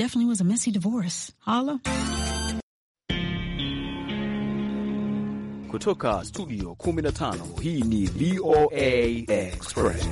definitely was a messy divorce. Holla. Kutoka studio 15 hii ni VOA Express.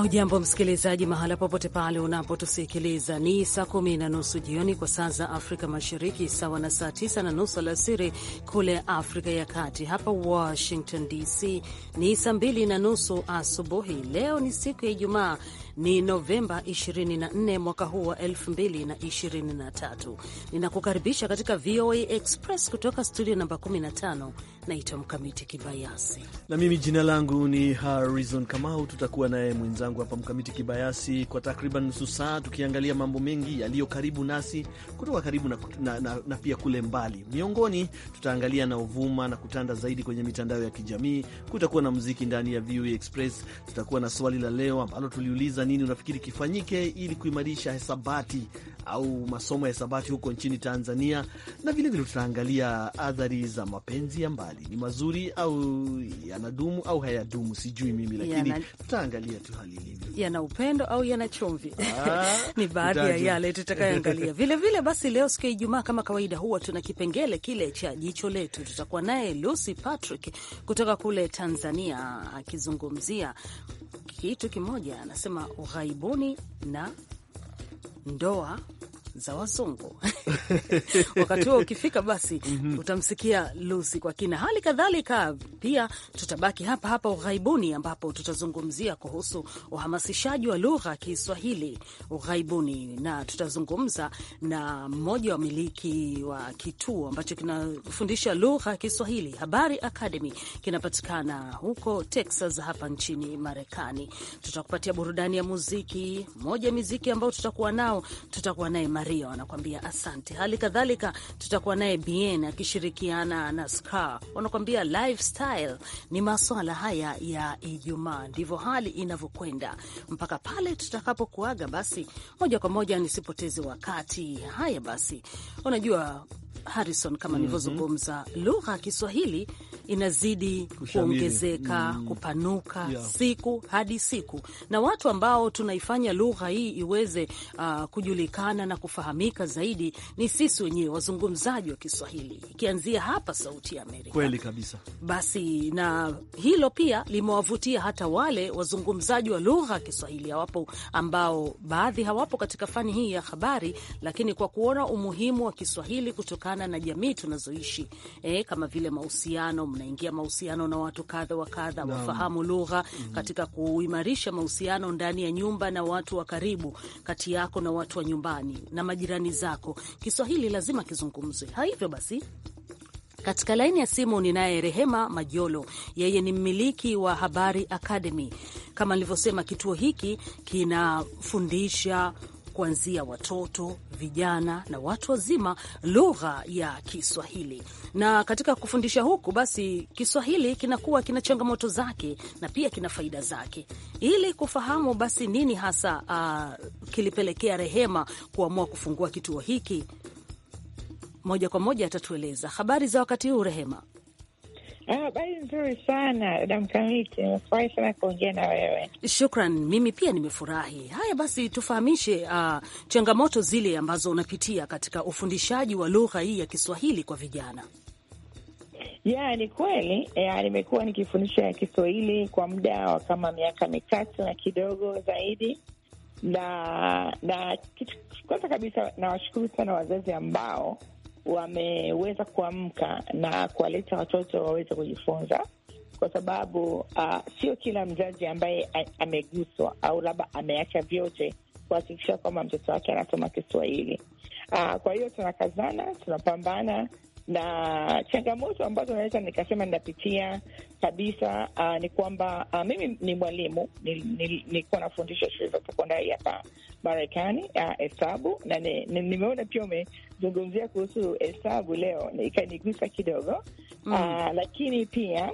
Haujambo msikilizaji, mahala popote pale unapotusikiliza. Ni saa kumi na nusu jioni kwa saa za Afrika Mashariki, sawa na saa tisa na nusu alasiri kule Afrika ya Kati. Hapa Washington DC ni saa mbili na nusu asubuhi. Leo ni siku ya Ijumaa, ni Novemba 24 mwaka huu wa 2023. Ninakukaribisha katika VOA Express kutoka studio namba 15. Naitwa Mkamiti Kibayasi na mimi jina langu ni Harrison Kamau. Tutakuwa naye mwenzangu hapa Mkamiti Kibayasi kwa takriban nusu saa, tukiangalia mambo mengi yaliyo karibu nasi kutoka karibu na, na, na, na pia kule mbali. Miongoni tutaangalia na uvuma na kutanda zaidi kwenye mitandao ya kijamii. Kutakuwa na muziki ndani ya VOA Express, tutakuwa na swali la leo ambalo tuliuliza unazungumza nini unafikiri kifanyike ili kuimarisha hesabati au masomo ya hesabati huko nchini Tanzania, na vilevile tutaangalia athari za mapenzi ya mbali, ni mazuri au yanadumu au hayadumu, sijui mimi, lakini tutaangalia tu hali ilivyo, yana upendo au yana chumvi ah, ni baadhi ya yale tutakayoangalia. Vilevile basi, leo siku ya Ijumaa kama kawaida, huwa tuna kipengele kile cha jicho letu. Tutakuwa naye Lucy Patrick kutoka kule Tanzania akizungumzia kitu kimoja, anasema ughaibuni na ndoa za wazungu wakati huo ukifika, basi mhm. utamsikia Lusi kwa kina. Hali kadhalika pia tutabaki hapa hapa ughaibuni, ambapo tutazungumzia kuhusu uhamasishaji wa lugha ya Kiswahili ughaibuni, na tutazungumza na mmoja wa miliki wa kituo ambacho kinafundisha lugha ya Kiswahili Habari Academy, kinapatikana huko Texas hapa nchini Marekani. Tutakupatia burudani ya muziki moja, miziki ambayo tutakuwa nao, tutakuwa naye Rio anakuambia asante. Hali kadhalika tutakuwa naye Bien akishirikiana na Scar, wanakuambia lifestyle ni maswala haya ya Ijumaa. Ndivyo hali inavyokwenda mpaka pale tutakapokuaga. Basi moja kwa moja nisipoteze wakati. Haya basi, unajua Harrison, kama mhm. nilivyozungumza, mm -hmm. lugha ya Kiswahili inazidi kuongezeka mm kupanuka yeah. siku hadi siku, na watu ambao tunaifanya lugha hii iweze uh, kujulikana na kufa kufahamika zaidi ni sisi wenyewe wazungumzaji wa Kiswahili, ikianzia hapa Sauti ya Amerika. Kweli kabisa. Basi na hilo pia limewavutia hata wale wazungumzaji wa lugha ya Kiswahili hawapo, ambao baadhi hawapo katika fani hii ya habari, lakini kwa kuona umuhimu wa Kiswahili kutokana na jamii tunazoishi, e, kama vile mahusiano, mnaingia mahusiano na watu kadha wa kadha, wafahamu lugha mm -hmm. katika kuimarisha mahusiano ndani ya nyumba na watu wa karibu, kati yako na watu wa nyumbani na na majirani zako. Kiswahili lazima kizungumzwe. Hivyo basi katika laini ya simu ninaye Rehema Majolo, yeye ni mmiliki wa Habari Academy. Kama nilivyosema, kituo hiki kinafundisha kuanzia watoto, vijana na watu wazima lugha ya Kiswahili. Na katika kufundisha huku, basi Kiswahili kinakuwa kina changamoto zake na pia kina faida zake. Ili kufahamu basi nini hasa uh, kilipelekea Rehema kuamua kufungua kituo hiki, moja kwa moja atatueleza habari za wakati huu. Rehema. Ah, habari nzuri sana mkamiti nimefurahi sana kuongea na wewe. Shukran, mimi pia nimefurahi. Haya basi, tufahamishe uh, changamoto zile ambazo unapitia katika ufundishaji wa lugha hii ya Kiswahili kwa vijana. Ya, ni kweli ya, nimekuwa nikifundisha Kiswahili kwa muda wa kama miaka mitatu na kidogo zaidi, na na kwanza kabisa nawashukuru sana wazazi ambao wameweza kuamka na kuwaleta watoto waweze kujifunza, kwa sababu uh, sio kila mzazi ambaye ameguswa au labda ameacha vyote kuhakikisha kwamba mtoto wake anasoma Kiswahili. Uh, kwa hiyo tunakazana, tunapambana na changamoto ambazo naweza nikasema ninapitia kabisa uh, ni kwamba uh, mimi ni mwalimu nilikuwa nafundisha shule za sekondari hapa Marekani ah, hesabu uh, na nimeona pia umezungumzia kuhusu hesabu leo, ikanigusa kidogo mm. uh, lakini pia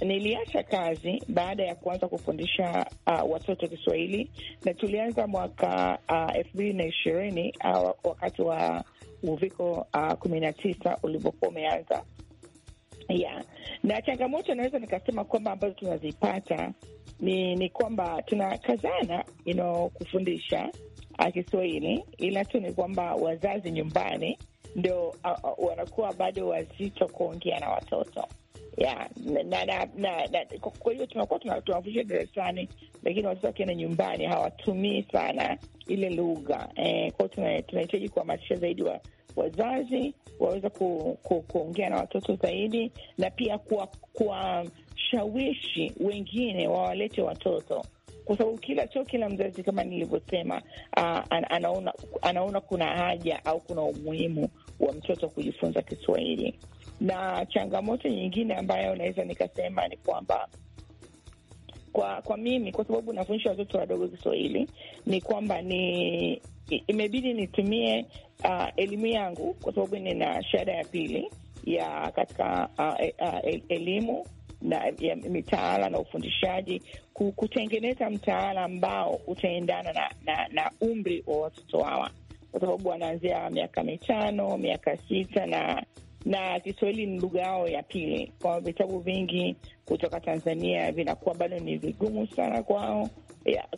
niliacha kazi baada ya kuanza kufundisha uh, watoto Kiswahili na tulianza mwaka elfu uh, mbili na ishirini uh, wakati wa uviko ah, kumi na tisa ulivyokuwa umeanza yeah. Na changamoto naweza nikasema kwamba ambazo tunazipata ni ni kwamba tunakazana you know, kufundisha ah, Kiswahili, ila tu ni kwamba wazazi nyumbani ndo uh, ah, uh, wanakuwa bado wazito kuongea na watoto ya na, na, na, kwa hiyo tunakuwa tunawavusha darasani, lakini watoto wakienda nyumbani hawatumii sana ile lugha eh. Kwao tunahitaji kuhamasisha zaidi wa wazazi waweza ku, ku, kuongea na watoto zaidi, na pia kuwashawishi kuwa wengine wawalete watoto kwa sababu kila cho kila mzazi kama nilivyosema, uh, anaona, anaona kuna haja au kuna umuhimu wa mtoto kujifunza Kiswahili. Na changamoto nyingine ambayo naweza nikasema ni kwamba kwa kwa mimi kwa sababu nafundisha watoto wadogo Kiswahili ni kwamba ni imebidi nitumie uh, elimu yangu kwa sababu nina shahada ya pili ya katika uh, e, uh, e, elimu na ya mitaala na ufundishaji kutengeneza mtaala ambao utaendana na, na, na umri wa watoto hawa, kwa sababu wanaanzia miaka mitano, miaka sita na na Kiswahili ni lugha yao ya pili. Kwa vitabu vingi kutoka Tanzania vinakuwa bado ni vigumu sana kwao.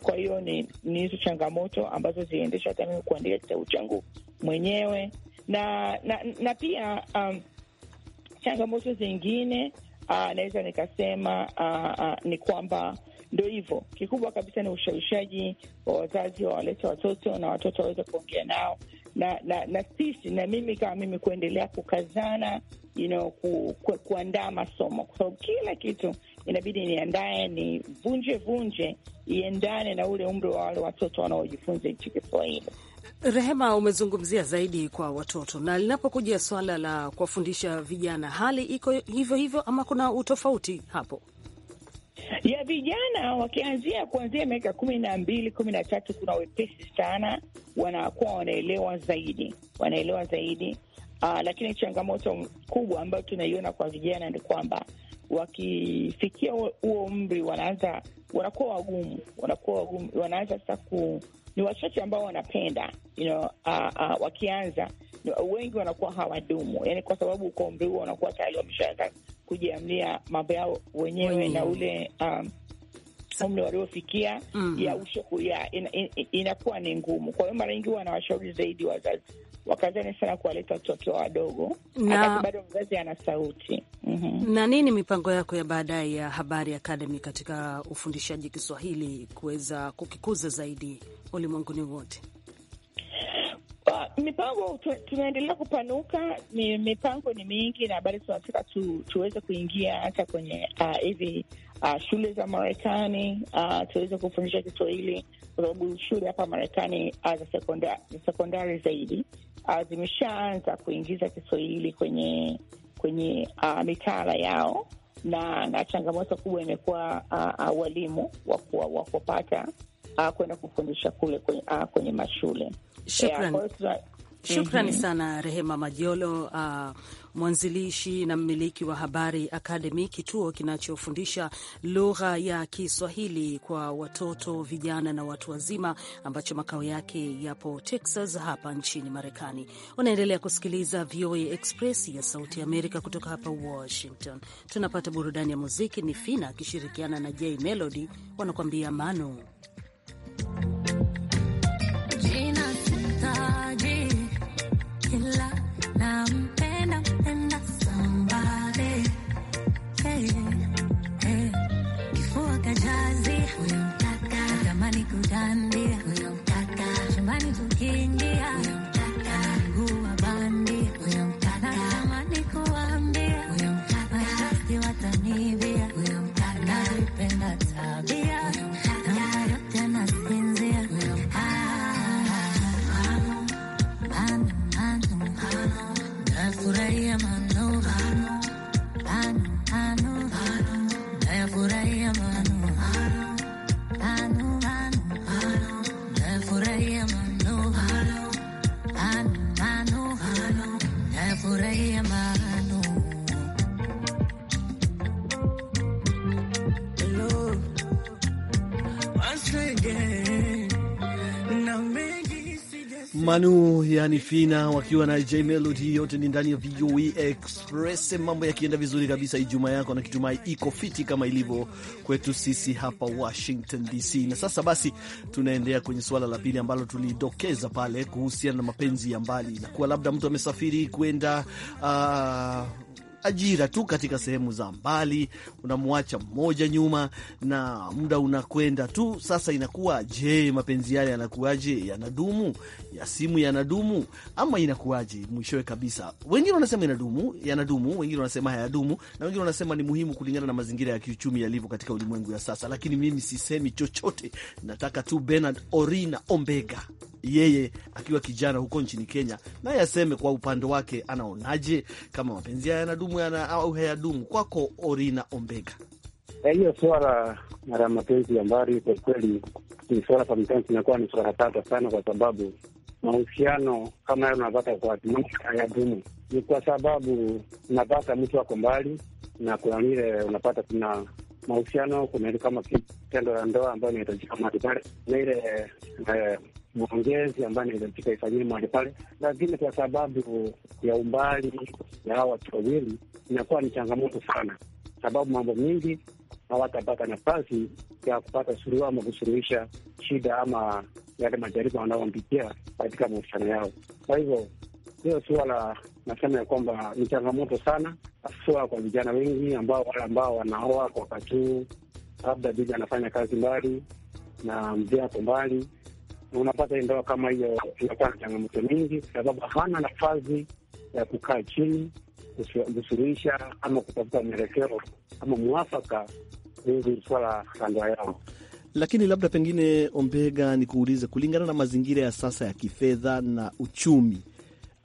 Kwa hiyo ni hizo changamoto ambazo ziliendesha hata mimi kuandika kitabu changu mwenyewe na na, na pia um, changamoto zingine uh, naweza nikasema uh, uh, ni kwamba Ndo hivyo kikubwa kabisa ni ushawishaji wa wazazi wawaleta watoto na watoto waweze kuongea nao na na na sisi na mimi kama mimi kuendelea kukazana you know, ku, ku, kuandaa masomo kwa sababu kila kitu inabidi niandae ni vunje vunje iendane na ule umri wa wale watoto wanaojifunza hichi Kiswahili. Rehema, umezungumzia zaidi kwa watoto, na linapokuja swala la kuwafundisha vijana, hali iko hivyo hivyo ama kuna utofauti hapo? ya vijana wakianzia kuanzia miaka kumi na mbili kumi na tatu kuna wepesi sana, wanakuwa wanaelewa zaidi, wanaelewa zaidi. Aa, ah, lakini changamoto kubwa ambayo tunaiona kwa vijana ni kwamba wakifikia huo umri wanaanza wanakuwa wagumu, wanakuwa wagumu, wanaanza sasa ku ni wachache ambao wanapenda you know, uh, uh, wakianza wengi wanakuwa hawadumu, yani kwa sababu kwa umri huo wanakuwa tayari wameshaanza kujiamlia mambo yao wenyewe Mwenye. na ule um, umri waliofikia mm ya usho ya in, in, in, inakuwa ni ngumu. Kwa hiyo mara nyingi huwa anawashauri zaidi wazazi wakazani sana kuwaleta watoto wadogo na bado mzazi ana sauti mm -hmm. na nini mipango yako ya baadaye ya Habari Academy katika ufundishaji Kiswahili kuweza kukikuza zaidi ulimwenguni wote? mipango tunaendelea kupanuka, ni mipango ni mingi, na bado tunataka tu, tuweze kuingia hata kwenye ah, hivi uh, uh, shule za Marekani uh, tuweze kufundisha Kiswahili kwa sababu shule hapa Marekani uh, za sekondari sekondari zaidi uh, zimeshaanza kuingiza Kiswahili kwenye kwenye uh, mitaala yao, na na changamoto kubwa imekuwa uh, uh, walimu wa kuwapata uh, kwenda kufundisha kule kwenye, uh, kwenye mashule Shukran. Shukrani mm-hmm. sana Rehema Majolo, uh, mwanzilishi na mmiliki wa Habari Akademi, kituo kinachofundisha lugha ya Kiswahili kwa watoto, vijana na watu wazima, ambacho makao yake yapo Texas hapa nchini Marekani. Unaendelea kusikiliza VOA Express ya Sauti ya Amerika kutoka hapa Washington. Tunapata burudani ya muziki, ni Fina akishirikiana na J Melody wanakuambia Manu. Manu yani Fina wakiwa na J Melody, yote ni ndani ya VOA e Express. Mambo yakienda vizuri kabisa, Ijumaa yako na kitumai iko fiti kama ilivyo kwetu sisi hapa Washington DC. Na sasa basi, tunaendelea kwenye suala la pili ambalo tulidokeza pale kuhusiana na mapenzi ya mbali, na kuwa labda mtu amesafiri kwenda uh, ajira tu katika sehemu za mbali, unamwacha mmoja nyuma na muda unakwenda tu. Sasa inakuwa je, mapenzi yale yanakuwaje? Yanadumu? ya simu yanadumu ama inakuwaje mwishowe kabisa? Wengine wanasema inadumu, yanadumu, wengine wanasema hayadumu, na wengine wanasema ni muhimu kulingana na mazingira ya kiuchumi yalivyo katika ulimwengu ya sasa. Lakini mimi sisemi chochote, nataka tu Bernard Orina Ombega yeye akiwa kijana huko nchini Kenya, naye aseme kwa upande wake anaonaje kama mapenzi haya yanadumu yana, au hayadumu. Kwako Orina Ombega. Eh, hiyo swala ya mapenzi ya mbali kwa kweli ni swala sometimes inakuwa ni swala tata sana, kwa sababu mahusiano kama hayo unapata kwa hayadumu, ni kwa sababu unapata mtu ako mbali na kuna ile unapata kuna mahusiano kuna ile kama kitendo la ndoa ambayo inahitajika mahali pale na ile eh, mwongezi ambayo inahitajika ifanyie mahali pale, lakini kwa sababu ya umbali ya hawa watu wawili inakuwa ni changamoto sana, sababu mambo mingi hawatapata nafasi ya kupata suluhu ama kusuluhisha shida ama yale majaribu wanaoambikia katika mahusiano yao. Kwa hivyo hiyo suala nasema ya kwamba ni changamoto sana, haswa kwa vijana wengi ambao wale ambao wanaoa kwa wakati huu, labda bibi anafanya kazi mbali na mzee ako mbali unapata ndoa kama hiyo inakuwa na changamoto nyingi, sababu hana nafasi ya kukaa chini kusuluhisha ama kutafuta mwelekeo ama mwafaka kuhusu swala la ndoa yao. Lakini labda pengine, Ombega, ni kuulize kulingana na mazingira ya sasa ya kifedha na uchumi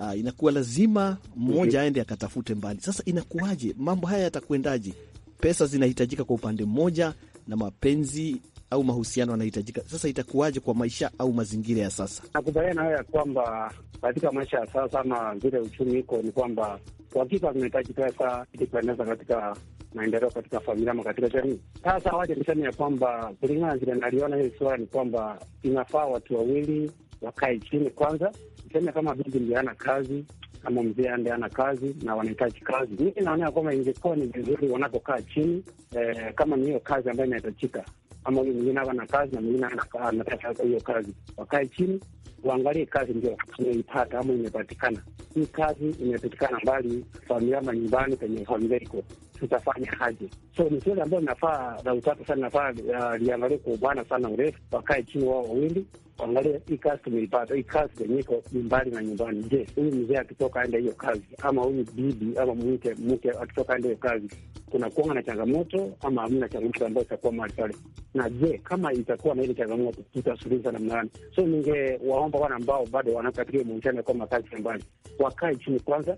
Uh, inakuwa lazima mmoja mhm. aende akatafute mbali. Sasa inakuwaje? Mambo haya yatakwendaje? Pesa zinahitajika kwa upande mmoja na mapenzi au mahusiano yanahitajika. Sasa itakuwaje kwa maisha au mazingira ya sasa? Nakubaliana nayo ya kwamba katika maisha ya sasa ama vile uchumi iko, ni kwamba kwa hakika zinahitaji pesa ili kueneza katika maendeleo katika familia ama katika jamii. Sasa waje niseme ya kwamba kulingana na zile naliona hili suala ni kwamba inafaa watu wawili wakae chini kwanza, niseme kama bibi ndiye hana kazi ama mzee ndiye hana kazi na wanahitaji kazi, mimi naonea kwamba ingekuwa ni vizuri wanapokaa chini eh, kama ni hiyo kazi ambayo inahitajika ama huyo mwingine hawa na kazi na mwingine anataka hiyo kazi, wakae chini waangalie kazi ndio tumeipata ama imepatikana. Hii kazi imepatikana mbali familia ama nyumbani penye familia iko tutafanya tutafanyaje? So ni swali ambayo nafaa la utatu sana, nafaa uh, liangalie kwa ubwana sana urefu, wakae chini wao wawili Angalia hii kazi tumeipata, hii kazi yenye iko mbali na nyumbani. Je, huyu mzee akitoka aenda hiyo kazi, ama huyu bibi ama mke mke akitoka aenda hiyo kazi, kuna kuanga na changamoto ama hamna changamoto ambayo itakuwa mahali pale? Na je kama itakuwa na ile changamoto, tutasuluhisha namna gani? So ningewaomba wana ambao bado wanafuatilia mahusiano kwa makazi ya mbali, wakae chini kwanza,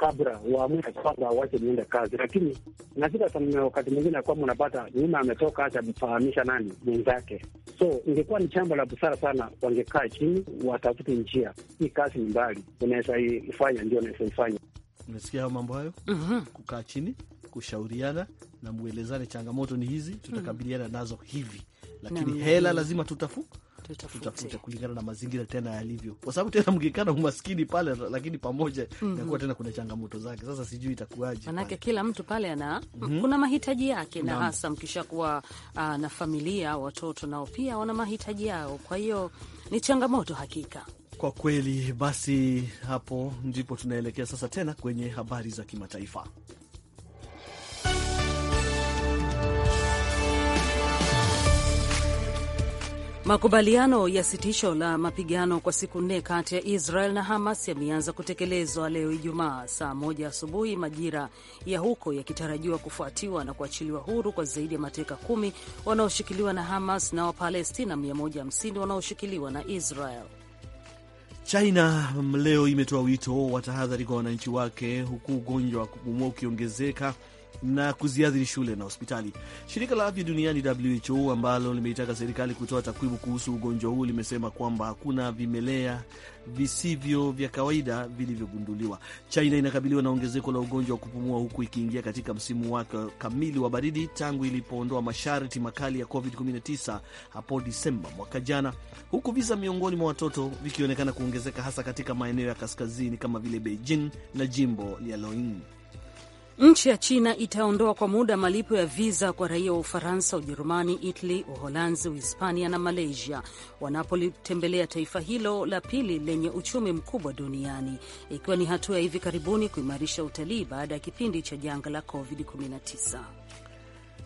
kabla uamue kwamba wache niende kazi, lakini nasika wakati mwingine ya kwamba unapata nyuma ametoka acha mfahamisha nani mwenzake. So ingekuwa ni jambo la busara sana, wangekaa chini watafute njia. Hii kazi ni mbali, unaweza ifanya, ndio unaweza ifanya. Unasikia hayo mambo hayo, mm -hmm. kukaa chini kushauriana na mwelezane, changamoto ni hizi, tutakabiliana nazo hivi, lakini mm -hmm. hela lazima tutafuka tutafute kulingana na mazingira tena yalivyo, kwa sababu tena mngekana umaskini pale, lakini pamoja mm -hmm. tena kuna changamoto zake. Sasa sijui itakuwaje, manake kila mtu pale ana mm -hmm. kuna mahitaji yake na, na hasa mkishakuwa uh, ah, na familia, watoto nao pia wana mahitaji yao, kwa hiyo ni changamoto hakika. Kwa kweli basi, hapo ndipo tunaelekea sasa tena kwenye habari za kimataifa. Makubaliano ya sitisho la mapigano kwa siku nne kati ya Israel na Hamas yameanza kutekelezwa leo Ijumaa saa moja asubuhi majira ya huko, yakitarajiwa kufuatiwa na kuachiliwa huru kwa zaidi ya mateka kumi wanaoshikiliwa na Hamas na Wapalestina 150 wanaoshikiliwa na Israel. China mm, leo imetoa wito wa tahadhari kwa wananchi wake huku ugonjwa wa kupumua ukiongezeka na kuziathiri shule na hospitali. Shirika la afya duniani WHO, ambalo limeitaka serikali kutoa takwimu kuhusu ugonjwa huu, limesema kwamba hakuna vimelea visivyo vya kawaida vilivyogunduliwa. China inakabiliwa na ongezeko la ugonjwa wa kupumua huku ikiingia katika msimu wake kamili wa baridi tangu ilipoondoa masharti makali ya COVID-19 hapo Disemba mwaka jana, huku visa miongoni mwa watoto vikionekana kuongezeka hasa katika maeneo ya kaskazini kama vile Beijing na jimbo la Loing. Nchi ya China itaondoa kwa muda malipo ya viza kwa raia wa Ufaransa, Ujerumani, Italy, Uholanzi, Uhispania na Malaysia wanapolitembelea taifa hilo la pili lenye uchumi mkubwa duniani, ikiwa ni hatua ya hivi karibuni kuimarisha utalii baada ya kipindi cha janga la COVID-19.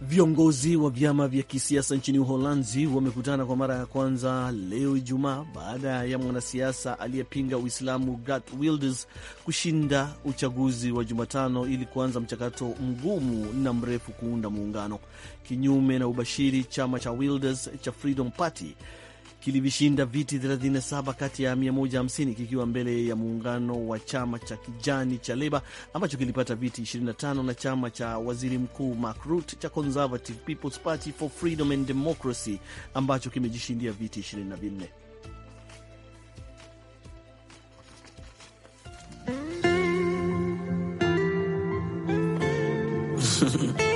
Viongozi wa vyama vya kisiasa nchini Uholanzi wamekutana kwa mara ya kwanza leo Ijumaa baada ya mwanasiasa aliyepinga Uislamu gat Wilders kushinda uchaguzi wa Jumatano ili kuanza mchakato mgumu na mrefu kuunda muungano. Kinyume na ubashiri, chama cha Wilders cha Freedom Party kilivishinda viti 37 kati ya 150 kikiwa mbele ya muungano wa chama cha kijani cha Leba ambacho kilipata viti 25 na chama cha waziri mkuu Mark Rutte cha Conservative People's Party for Freedom and Democracy ambacho kimejishindia viti 24.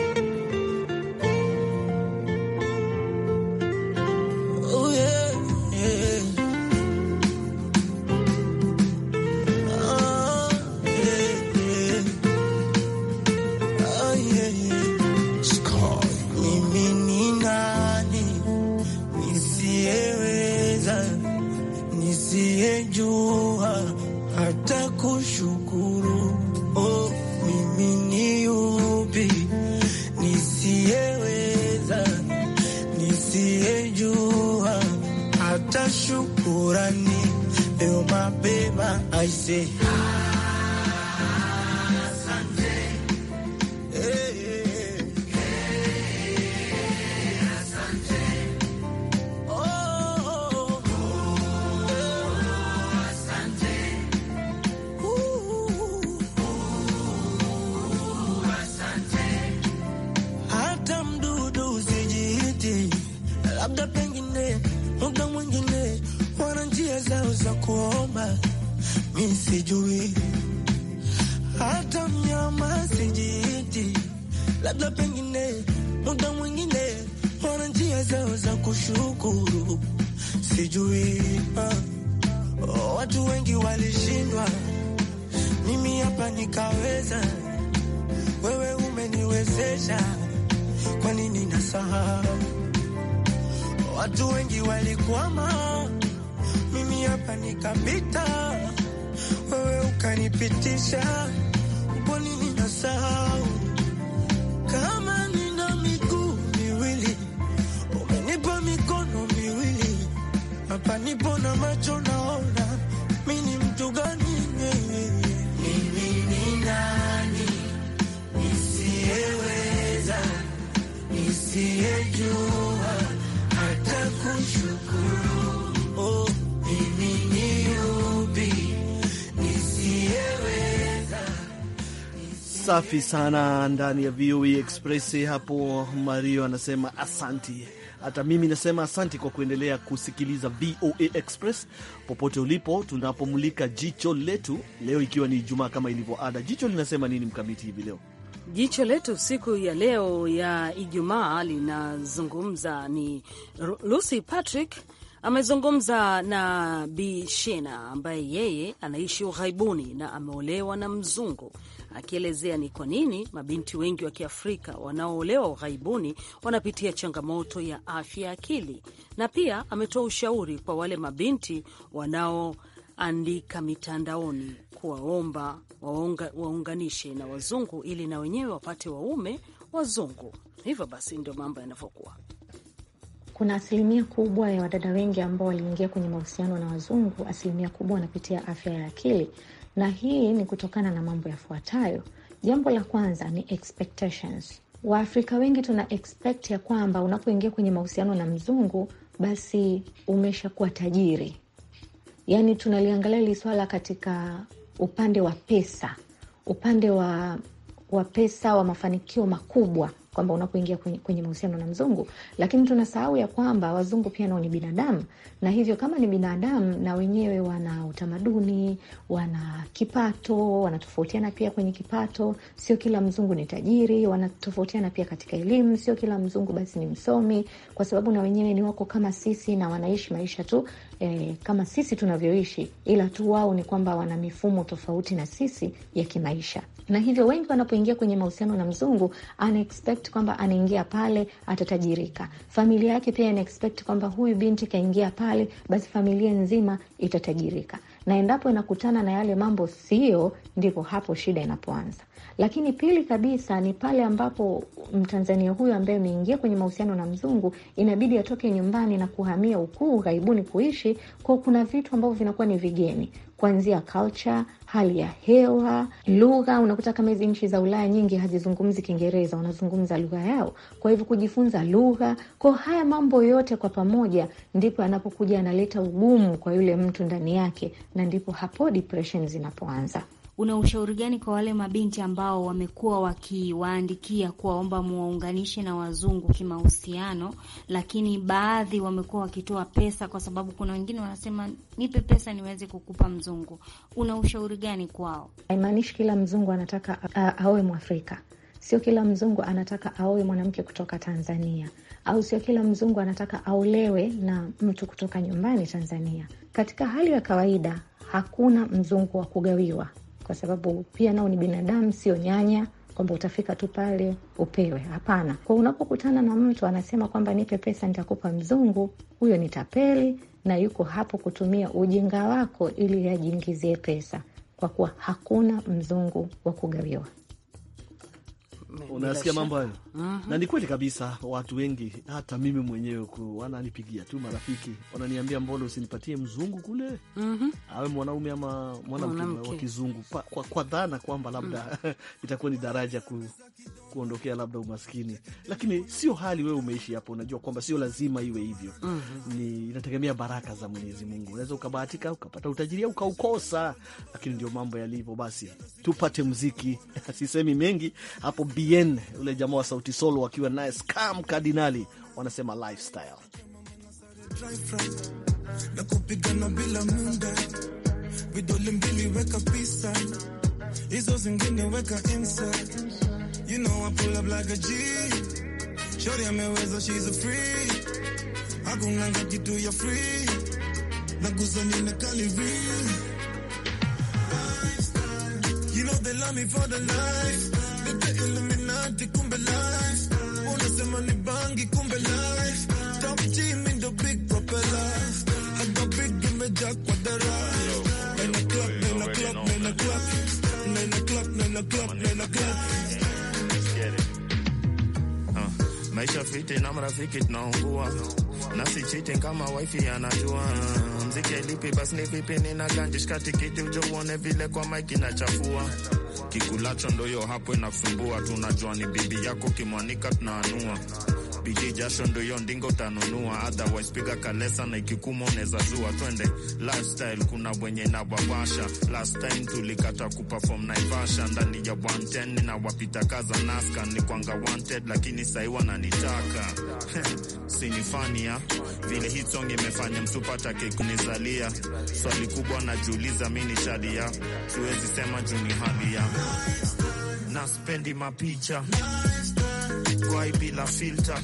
Safi sana ndani ya VOA e Express hapo. Mario anasema asanti. Hata mimi nasema asanti kwa kuendelea kusikiliza VOA e Express popote ulipo, tunapomulika jicho letu leo, ikiwa ni Ijumaa kama ilivyo ada. Jicho linasema nini mkamiti hivi leo? Jicho letu siku ya leo ya Ijumaa linazungumza ni Lucy Patrick amezungumza na Bi Shena ambaye yeye anaishi ughaibuni na ameolewa na mzungu akielezea ni kwa nini mabinti wengi wa Kiafrika wanaoolewa ughaibuni wanapitia changamoto ya afya ya akili, na pia ametoa ushauri kwa wale mabinti wanaoandika mitandaoni kuwaomba waunga, waunganishe na wazungu ili na wenyewe wapate waume wazungu. Hivyo basi ndio mambo yanavyokuwa. Kuna asilimia kubwa ya wadada wengi ambao waliingia kwenye mahusiano na wazungu, asilimia kubwa wanapitia afya ya akili na hii ni kutokana na mambo yafuatayo. Jambo la kwanza ni expectations. Waafrika wengi tuna expect ya kwamba unapoingia kwenye mahusiano na mzungu basi umeshakuwa tajiri. Yaani tunaliangalia hili swala katika upande wa pesa, upande wa wa pesa wa mafanikio makubwa kwamba unapoingia kwenye, kwenye mahusiano na mzungu, lakini tunasahau ya kwamba wazungu pia nao ni binadamu, na hivyo kama ni binadamu na wenyewe wana utamaduni, wana kipato, wanatofautiana pia kwenye kipato. Sio kila mzungu ni tajiri, wanatofautiana pia katika elimu. Sio kila mzungu basi ni msomi, kwa sababu na wenyewe ni wako kama sisi na wanaishi maisha tu E, kama sisi tunavyoishi, ila tu wao ni kwamba wana mifumo tofauti na sisi ya kimaisha, na hivyo wengi wanapoingia kwenye mahusiano na mzungu ana expect kwamba anaingia pale atatajirika. Familia yake pia ana expect kwamba huyu binti kaingia pale, basi familia nzima itatajirika na endapo inakutana na yale mambo sio, ndipo hapo shida inapoanza. Lakini pili kabisa ni pale ambapo Mtanzania huyu ambaye ameingia kwenye mahusiano na mzungu inabidi atoke nyumbani na kuhamia ukuu ughaibuni kuishi kwao, kuna vitu ambavyo vinakuwa ni vigeni kuanzia culture, hali ya hewa, lugha. Unakuta kama hizi nchi za Ulaya nyingi hazizungumzi Kiingereza, wanazungumza lugha yao. Kwa hivyo kujifunza lugha ko haya mambo yote kwa pamoja, ndipo anapokuja analeta ugumu kwa yule mtu ndani yake, na ndipo hapo depression zinapoanza una ushauri gani kwa wale mabinti ambao wamekuwa wakiwaandikia kuwaomba muwaunganishe na wazungu kimahusiano, lakini baadhi wamekuwa wakitoa pesa, kwa sababu kuna wengine wanasema nipe pesa niweze kukupa mzungu. Una ushauri gani kwao? Haimaanishi kila mzungu anataka awe Mwafrika, sio kila mzungu anataka aoe mwanamke kutoka Tanzania, au sio kila mzungu anataka aolewe na mtu kutoka nyumbani Tanzania. Katika hali ya kawaida, hakuna mzungu wa kugawiwa kwa sababu pia nao ni binadamu, sio nyanya kwamba utafika tu pale upewe. Hapana, kwa unapokutana na mtu anasema kwamba nipe pesa nitakupa mzungu, huyo ni tapeli na yuko hapo kutumia ujinga wako ili ajiingizie pesa, kwa kuwa hakuna mzungu wa kugawiwa unasikia mambo hayo mm -hmm. Na ni kweli kabisa, watu wengi, hata mimi mwenyewe wananipigia tu marafiki, wananiambia mbona usinipatie mzungu kule mm -hmm. awe mwanaume ama mwanamke wa kizungu, kwa, kwa dhana kwamba labda mm -hmm. itakuwa ni daraja ku kuondokea labda umaskini, lakini sio hali wewe umeishi hapo. Unajua kwamba sio lazima iwe hivyo mm -hmm. Ni inategemea baraka za Mwenyezi Mungu. Unaweza ukabahatika ukapata utajiri au ukaukosa, lakini ndio mambo yalivyo. Basi tupate mziki sisemi mengi hapo. bn ule jamaa wa Sauti Solo wakiwa naye Scam Kardinali wanasema lifestyle na kupigana bila muda, vidole mbili weka pisa, hizo zingine weka insert You know I pull up like a G. Shorty ameweza, she's a free. you kitu your free. Nagusa the kali real. You know they love me for the life. maisha fiti na mrafiki tunaungua, nasi chiti kama wifi anajua. Mziki lipi basi ni vipi, ninaganjishika kiti ujo uone vile kwa maiki nachafua kikulacho ndoyo hapo inafumbua, tunajua ni bibi yako kimwanika tunaanua RPG jasho ndo hiyo ndingo tanunua, otherwise piga kalesa na ikikumo unaweza zua. Twende lifestyle, kuna bwenye na wabasha. Last time tulikata kuperform Naivasha ndani ya 110 na wapita kaza naska ni kwanga wanted, lakini sai wananitaka sinifania ah. vile hit song imefanya mtu kekunizalia. Swali kubwa najiuliza, mi ni shadia, ah. siwezi sema juu ni hali ya ah. na spendi mapicha kwai bila filter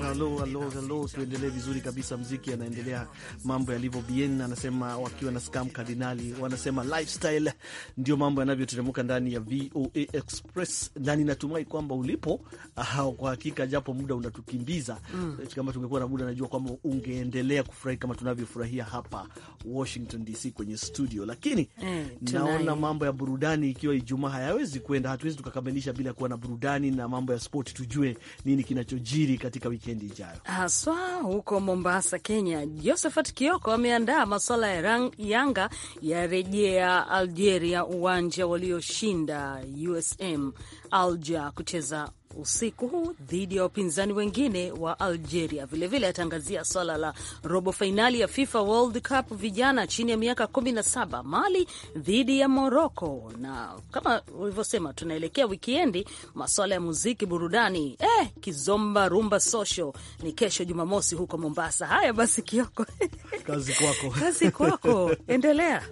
Halo, halo, halo, tuendelee vizuri kabisa, mziki anaendelea mambo yalivyo. Bien anasema wakiwa na Scam Kardinali wanasema lifestyle ndio mambo yanavyoteremuka ndani ya VOA Express, na ninatumai kwamba ulipo aha, kwa hakika japo muda unatukimbiza mm. kama Tungekuwa na muda, najua kwamba ungeendelea kufurahi kama tunavyofurahia hapa Washington DC kwenye studio, lakini eh, naona mambo ya burudani ikiwa Ijumaa hayawezi kwenda, hatuwezi tukakamilisha bila kuwa na burudani na mambo ya spoti, tujue nini kinachojiri katika wikendi ijayo, haswa huko Mombasa, Kenya. Josephat Kioko ameandaa maswala ya Yanga yarejea Algeria, uwanja walioshinda USM Alger kucheza usiku huu dhidi ya wapinzani wengine wa Algeria. Vilevile atangazia vile swala la robo fainali ya FIFA World Cup vijana chini ya miaka 17 Mali dhidi ya Moroko, na kama ulivyosema, tunaelekea wikiendi, maswala ya muziki, burudani, eh, kizomba, rumba, social ni kesho Jumamosi huko Mombasa. Haya basi, Kioko, kazi kwako, kazi kwako, endelea.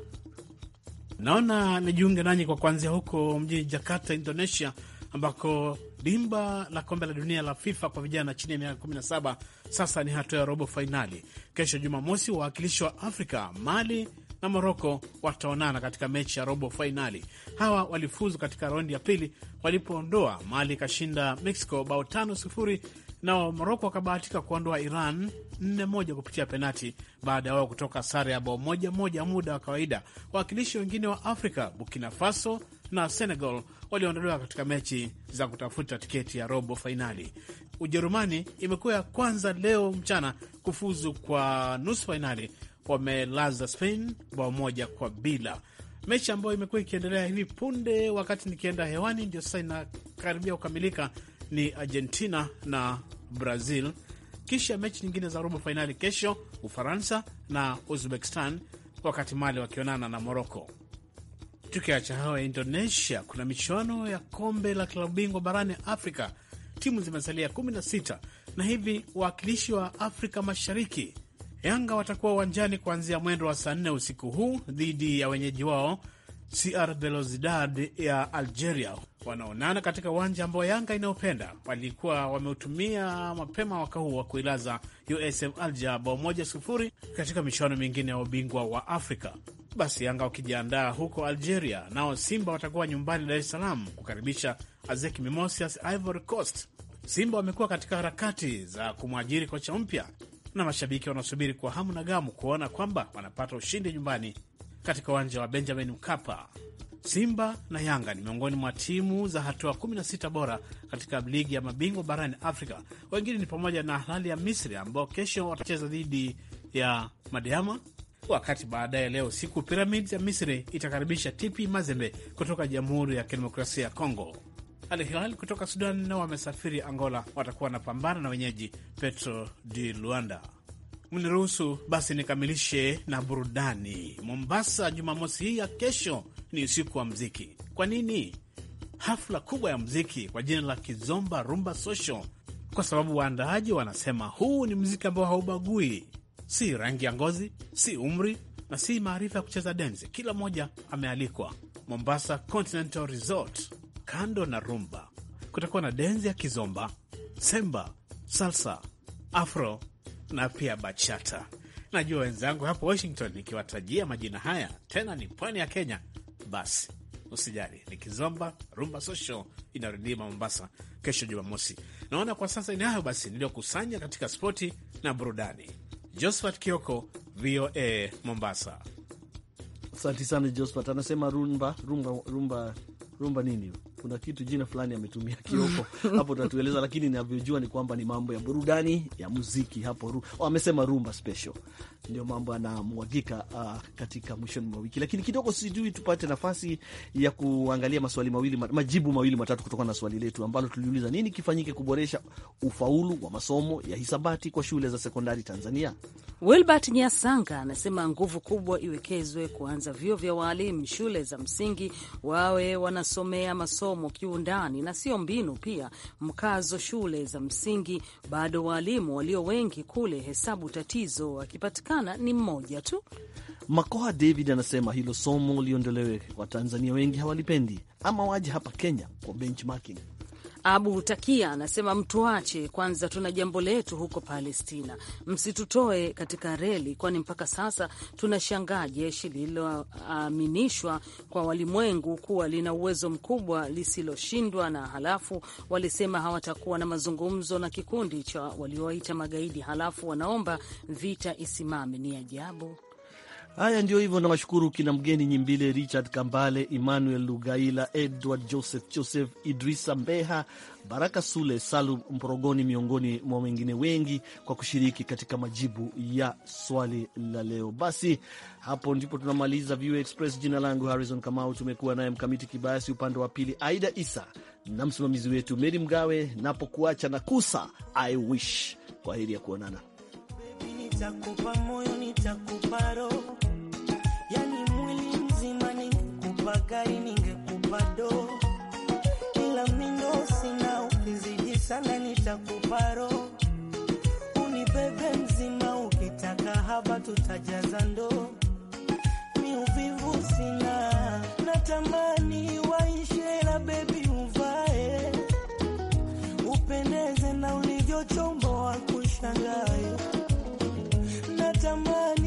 Naona nijiunge nanyi kwa kuanzia huko mjini Jakarta, Indonesia ambako dimba la kombe la dunia la FIFA kwa vijana chini ya miaka 17 sasa ni hatua ya robo fainali. Kesho Jumamosi, wawakilishi wa Afrika, Mali na Moroko wataonana katika mechi ya robo fainali. Hawa walifuzu katika raundi ya pili walipoondoa Mali ikashinda Mexico bao tano sifuri nao Moroko wakabahatika kuondoa Iran nne moja kupitia penati baada ya wao kutoka sare ya bao moja moja muda wa kawaida. Wawakilishi wengine wa Afrika, Burkina Faso na Senegal walioondolewa katika mechi za kutafuta tiketi ya robo fainali. Ujerumani imekuwa ya kwanza leo mchana kufuzu kwa nusu fainali, wamelaza Spain bao moja kwa bila. Mechi ambayo imekuwa ikiendelea hivi punde wakati nikienda hewani, ndio sasa inakaribia kukamilika, ni Argentina na Brazil, kisha mechi nyingine za robo fainali kesho, Ufaransa na Uzbekistan, wakati Mali wakionana na Moroko. Tukiacha hawa ya Indonesia, kuna michuano ya kombe la klabu bingwa barani Afrika. Timu zimesalia 16 na hivi wawakilishi wa Afrika Mashariki Yanga watakuwa uwanjani kuanzia mwendo wa saa 4 usiku huu dhidi ya wenyeji wao CR Belouizdad ya Algeria. Wanaonana katika uwanja ambao Yanga inayopenda walikuwa wameutumia mapema mwaka huu wa kuilaza USM Alger bao moja sufuri katika michuano mingine ya ubingwa wa Afrika. Basi Yanga wakijiandaa huko Algeria, nao Simba watakuwa nyumbani Dar es Salaam kukaribisha Azek Mimosias Ivory Coast. Simba wamekuwa katika harakati za kumwajiri kocha mpya na mashabiki wanasubiri kwa hamu na gamu kuona kwamba wanapata ushindi nyumbani katika uwanja wa Benjamin Mkapa. Simba na Yanga ni miongoni mwa timu za hatua 16 bora katika ligi ya mabingwa barani Afrika. Wengine ni pamoja na Al Ahly ya Misri ambao kesho watacheza dhidi ya Madiama wakati baadaye leo siku piramidi ya Misri itakaribisha TP Mazembe kutoka Jamhuri ya Kidemokrasia ya Kongo. Al Hilal kutoka Sudan nao wamesafiri Angola, watakuwa wanapambana na wenyeji Petro di Luanda. Mniruhusu basi nikamilishe na burudani. Mombasa Jumamosi hii ya kesho ni usiku wa mziki. Kwa nini? Hafla kubwa ya mziki kwa jina la Kizomba Rumba Social, kwa sababu waandaaji wanasema huu ni mziki ambao haubagui si rangi ya ngozi, si umri na si maarifa ya kucheza densi. Kila mmoja amealikwa. Mombasa Continental Resort, kando na rumba, kutakuwa na densi ya kizomba, semba, salsa, afro na pia bachata. Najua wenzangu hapo Washington nikiwatajia majina haya, tena ni pwani ya Kenya, basi usijali, ni kizomba, rumba social inarudima Mombasa kesho Jumamosi. Naona kwa sasa ni hayo basi niliyokusanya katika spoti na burudani. Josphat Kioko, VOA Mombasa. Asante sana Josphat. Anasema rumba rumba rumba rumba nini kuna kitu jina fulani ametumia Kioko hapo utatueleza, lakini ninavyojua ni kwamba ni mambo ya burudani ya muziki hapo. Oh, amesema rumba special ndio mambo yanamwagika uh, katika mwishoni mwa wiki, lakini kidogo sijui tupate nafasi ya kuangalia maswali mawili majibu mawili matatu kutokana na swali letu ambalo tuliuliza, nini kifanyike kuboresha ufaulu wa masomo ya hisabati kwa shule za sekondari Tanzania? Wilbert Nyasanga anasema nguvu kubwa iwekezwe kuanza vyuo vya waalimu shule za msingi, wawe wanasomea masomo masomo kiundani na sio mbinu. Pia mkazo shule za msingi, bado waalimu walio wengi kule hesabu tatizo, akipatikana ni mmoja tu. Makoha David anasema hilo somo liondolewe, Watanzania wengi hawalipendi, ama waje hapa Kenya kwa benchmarking. Abu Takia anasema mtuache kwanza, tuna jambo letu huko Palestina, msitutoe katika reli, kwani mpaka sasa tunashangaa jeshi lililoaminishwa uh, kwa walimwengu kuwa lina uwezo mkubwa lisiloshindwa, na halafu walisema hawatakuwa na mazungumzo na kikundi cha waliowaita magaidi, halafu wanaomba vita isimame. Ni ajabu. Haya ndio hivyo, nawashukuru kina mgeni Nyimbile, Richard Kambale, Emmanuel Lugaila, Edward Joseph, Joseph Idrisa Mbeha, Baraka Sule, Salum Mporogoni, miongoni mwa wengine wengi kwa kushiriki katika majibu ya swali la leo. Basi hapo ndipo tunamaliza VOA Express. Jina langu Harrison Kamau, tumekuwa naye Mkamiti Kibayasi upande wa pili, Aida Isa na msimamizi wetu Meri Mgawe. Napokuacha na kusa I wish kwa heri ya kuonana. Baby, nitakupa moyo, nitakupa roho nitakuparo, unibebe mzima, ukitaka haba tutajaza ndoo. Mi uvivu sina, natamani waishe la bebi, uvae upendeze na chombo wa kushangae, natamani